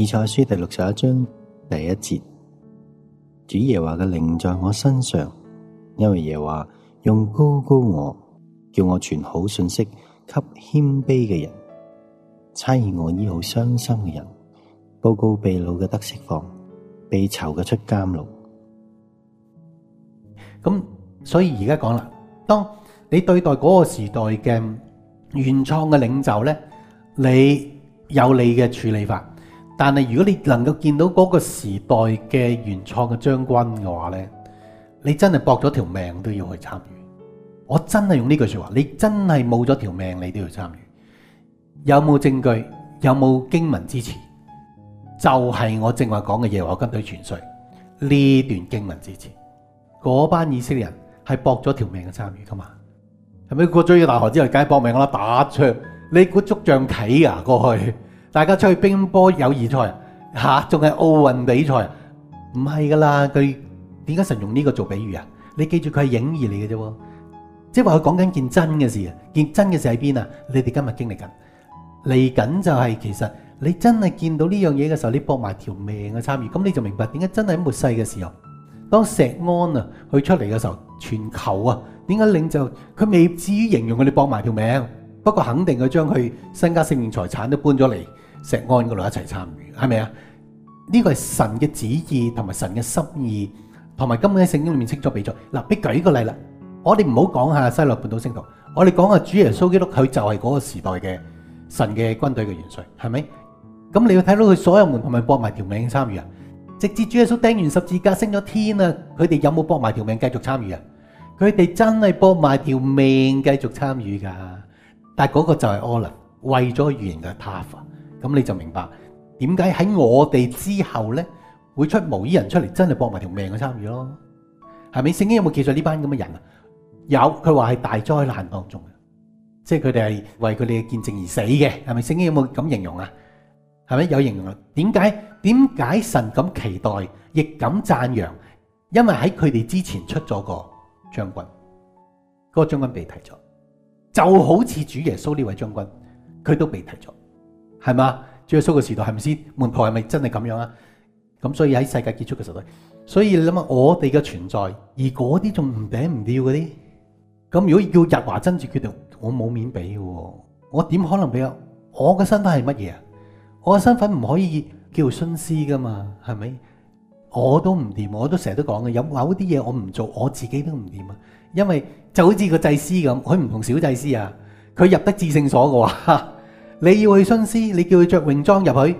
以賽亞書第六十一章第一節，主耶和華嘅靈在我身上，因為耶和華用膏膏我，叫我傳好信息給謙卑嘅人，差遣我醫好傷心嘅人，報告被擄嘅得釋放，被囚嘅出監牢。咁所以而家講啦，當你對待嗰個時代嘅原創嘅領袖咧，你有你嘅處理法。但係如果你能夠見到嗰個時代嘅原創嘅將軍嘅話呢，你真係搏咗條命都要去參與。我真係用呢句說話，你真係冇咗條命你都要參與。有冇證據？有冇經文支持？就係、是、我正話講嘅耶和華軍隊傳說呢段經文支持。嗰班以色列人係搏咗條命去參與噶嘛？係咪過追咗大海之後梗係搏命啦？打仗你估足象棋啊過去。大家出去乒乓波友誼賽，嚇仲係奧運比賽，唔係噶啦。佢點解神用呢個做比喻啊？你記住佢係影兒嚟嘅啫，即係話佢講緊件真嘅事啊！件真嘅事喺邊啊？你哋今日經歷緊嚟緊就係，其實你真係見到呢樣嘢嘅時候，你搏埋條命嘅參與，咁你就明白點解真係喺末世嘅時候，當石安啊去出嚟嘅時候，全球啊點解領袖佢未至於形容佢哋搏埋條命，不過肯定佢將佢身家性命財產都搬咗嚟。石安嗰度一齊參與，係咪啊？呢個係神嘅旨意同埋神嘅心意，同埋今日喺聖經裏面清楚俾咗嗱。你舉個例啦，我哋唔好講下西奈半島升堂，我哋講下主耶穌基督，佢就係嗰個時代嘅神嘅軍隊嘅元帥，係咪？咁你要睇到佢所有門係咪搏埋條命參與啊？直至主耶穌釘完十字架升咗天啦，佢哋有冇搏埋條命繼續參與啊？佢哋真係搏埋條命繼續參與㗎。但係嗰個就係 Allan 為咗完嘅 Tough。咁你就明白點解喺我哋之後咧，會出無依人出嚟，真係搏埋條命去參與咯。係咪聖經有冇記載呢班咁嘅人啊？有，佢話係大災難當中，即係佢哋係為佢哋嘅見證而死嘅。係咪聖經有冇咁形容啊？係咪有形容啊？點解，點解神咁期待，亦咁讚揚？因為喺佢哋之前出咗個將軍，嗰個將軍被提咗，就好似主耶穌呢位將軍，佢都被提咗。係嘛？耶穌嘅時代係咪先門徒係咪真係咁樣啊？咁所以喺世界結束嘅時代，所以你諗下我哋嘅存在而嗰啲仲唔頂唔掉嗰啲，咁如果要日華真主決定，我冇面畀嘅喎，我點可能畀啊？我嘅身份係乜嘢啊？我嘅身份唔可以叫做徇私噶嘛，係咪？我都唔掂，我都成日都講嘅，有某啲嘢我唔做，我自己都唔掂啊！因為就好似個祭司咁，佢唔同的小祭司啊，佢入得至聖所嘅喎。呵呵你要去徇私，你叫佢着泳裝入去，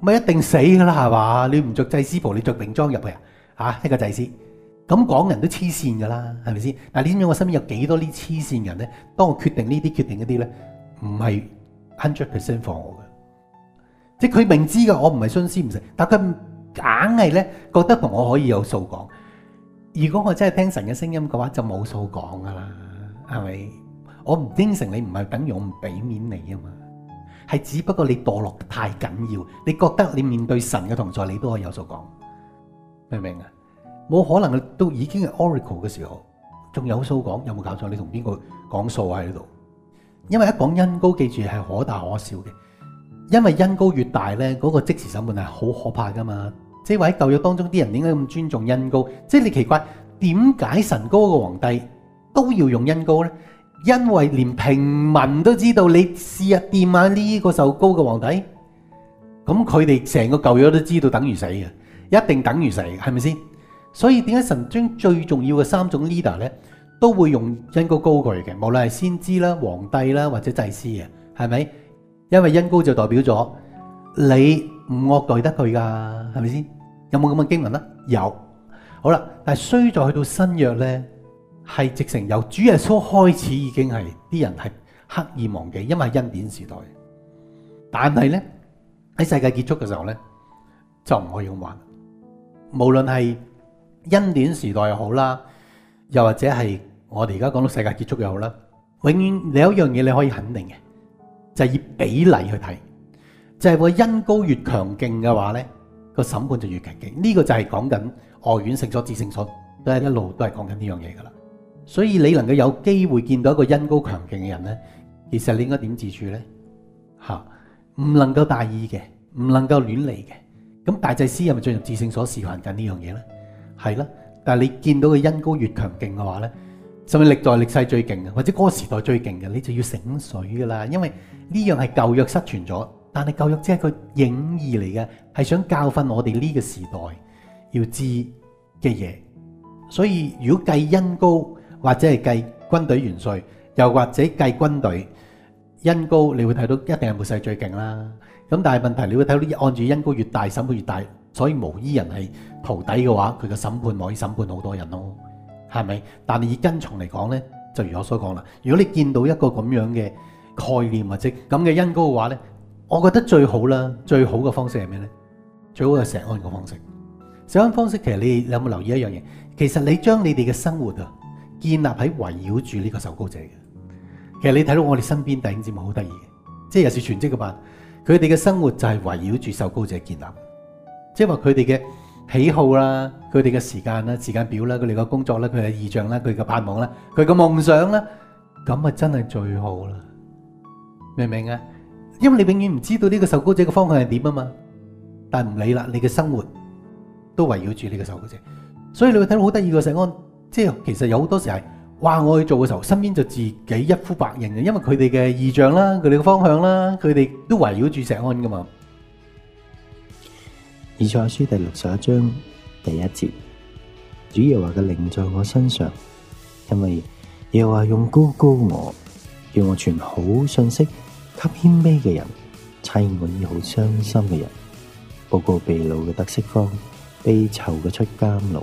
咪一定死噶啦，係嘛？你唔着祭司袍，你着泳裝入去啊？吓，一個祭司咁講人都黐線噶啦，係咪先？嗱，你知唔知我身邊有幾多啲黐線人咧？當我決定呢啲決定嗰啲咧，唔係 hundred percent for 我嘅，即係佢明知嘅，我唔係徇私唔成，但佢硬係咧覺得同我可以有數講。如果我真係聽神嘅聲音嘅話，就冇數講噶啦，係咪？我唔應承你，唔係等於我唔俾面你啊嘛，係只不過你墮落得太緊要，你覺得你面對神嘅同在，你都可以有所講，明唔明啊？冇可能都已經係 Oracle 嘅時候，仲有數講，有冇搞錯？你同邊個講數喺呢度？因為一講恩高，記住係可大可小嘅，因為恩高越大咧，嗰、那個即時審判係好可怕噶嘛。即係話喺舊約當中啲人點解咁尊重恩高？即係你奇怪點解神高個皇帝都要用恩高咧？因為連平民都知道你試日掂下呢個受膏嘅皇帝，咁佢哋成個舊約都知道等於死嘅，一定等於死，係咪先？所以點解神將最重要嘅三種 leader 咧，都會用恩膏膏佢嘅，無論係先知啦、皇帝啦或者祭司嘅，係咪？因為恩膏就代表咗你唔惡待得佢噶，係咪先？有冇咁嘅經文啊？有。好啦，但係衰咗去到新約咧。係直情由主耶穌開始已經係啲人係刻意忘記，因為係恩典時代。但係咧喺世界結束嘅時候咧，就唔可以咁玩。無論係恩典時代又好啦，又或者係我哋而家講到世界結束又好啦，永遠有一樣嘢你可以肯定嘅，就係、是、以比例去睇，就係、是、個恩高越強勁嘅話咧，個審判就越強勁。呢、這個就係講緊外院聖所至聖所，所都係一路都係講緊呢樣嘢噶啦。所以你能夠有機會見到一個恩膏強勁嘅人呢？其實你應該點自處呢？嚇，唔能夠大意嘅，唔能夠亂嚟嘅。咁大祭司係咪進入至聖所示範緊呢樣嘢呢？係啦，但係你見到嘅恩膏越強勁嘅話呢，甚至歷代歷世最勁嘅，或者嗰個時代最勁嘅，你就要醒水㗎喇，因為呢樣係舊約失傳咗，但係舊約只係一個影兒嚟嘅，係想教訓我哋呢個時代要知嘅嘢。所以如果計恩膏，或者係計軍隊元帥，又或者計軍隊恩膏，你會睇到一定係末世最勁啦。咁但係問題，你會睇到啲按住恩膏越大，審判越大。所以無依人係徒弟嘅話，佢嘅審判可以審判好多人咯，係咪？但係以跟從嚟講呢，就如我所講啦。如果你見到一個咁樣嘅概念或者咁嘅恩膏嘅話呢，我覺得最好啦。最好嘅方式係咩呢？最好嘅石安嘅方式。石安方式其實你有冇留意一樣嘢？其實你將你哋嘅生活啊～建立喺圍繞住呢個受膏者嘅，其實你睇到我哋身邊第五節目好得意嘅，即係又是有全職嘅話，佢哋嘅生活就係圍繞住受膏者建立，即係話佢哋嘅喜好啦、佢哋嘅時間啦、時間表啦、佢哋嘅工作啦、佢嘅意向啦、佢嘅盼望啦、佢嘅夢想啦，咁啊真係最好啦，明唔明啊？因為你永遠唔知道呢個受膏者嘅方向係點啊嘛，但係唔理啦，你嘅生活都圍繞住呢個受膏者，所以你會睇到好得意嘅，成安。即係其實有好多時係，話我去做嘅時候，身邊就自己一呼百應嘅，因為佢哋嘅意象啦，佢哋嘅方向啦，佢哋都圍繞住石安嘅嘛。以賽亞書第六十一章第一節，主要話佢靈在我身上，因為又話用高高我，叫我傳好信息，給謙卑嘅人、凄婉好傷心嘅人、報告秘魯嘅特色方、悲囚嘅出監牢。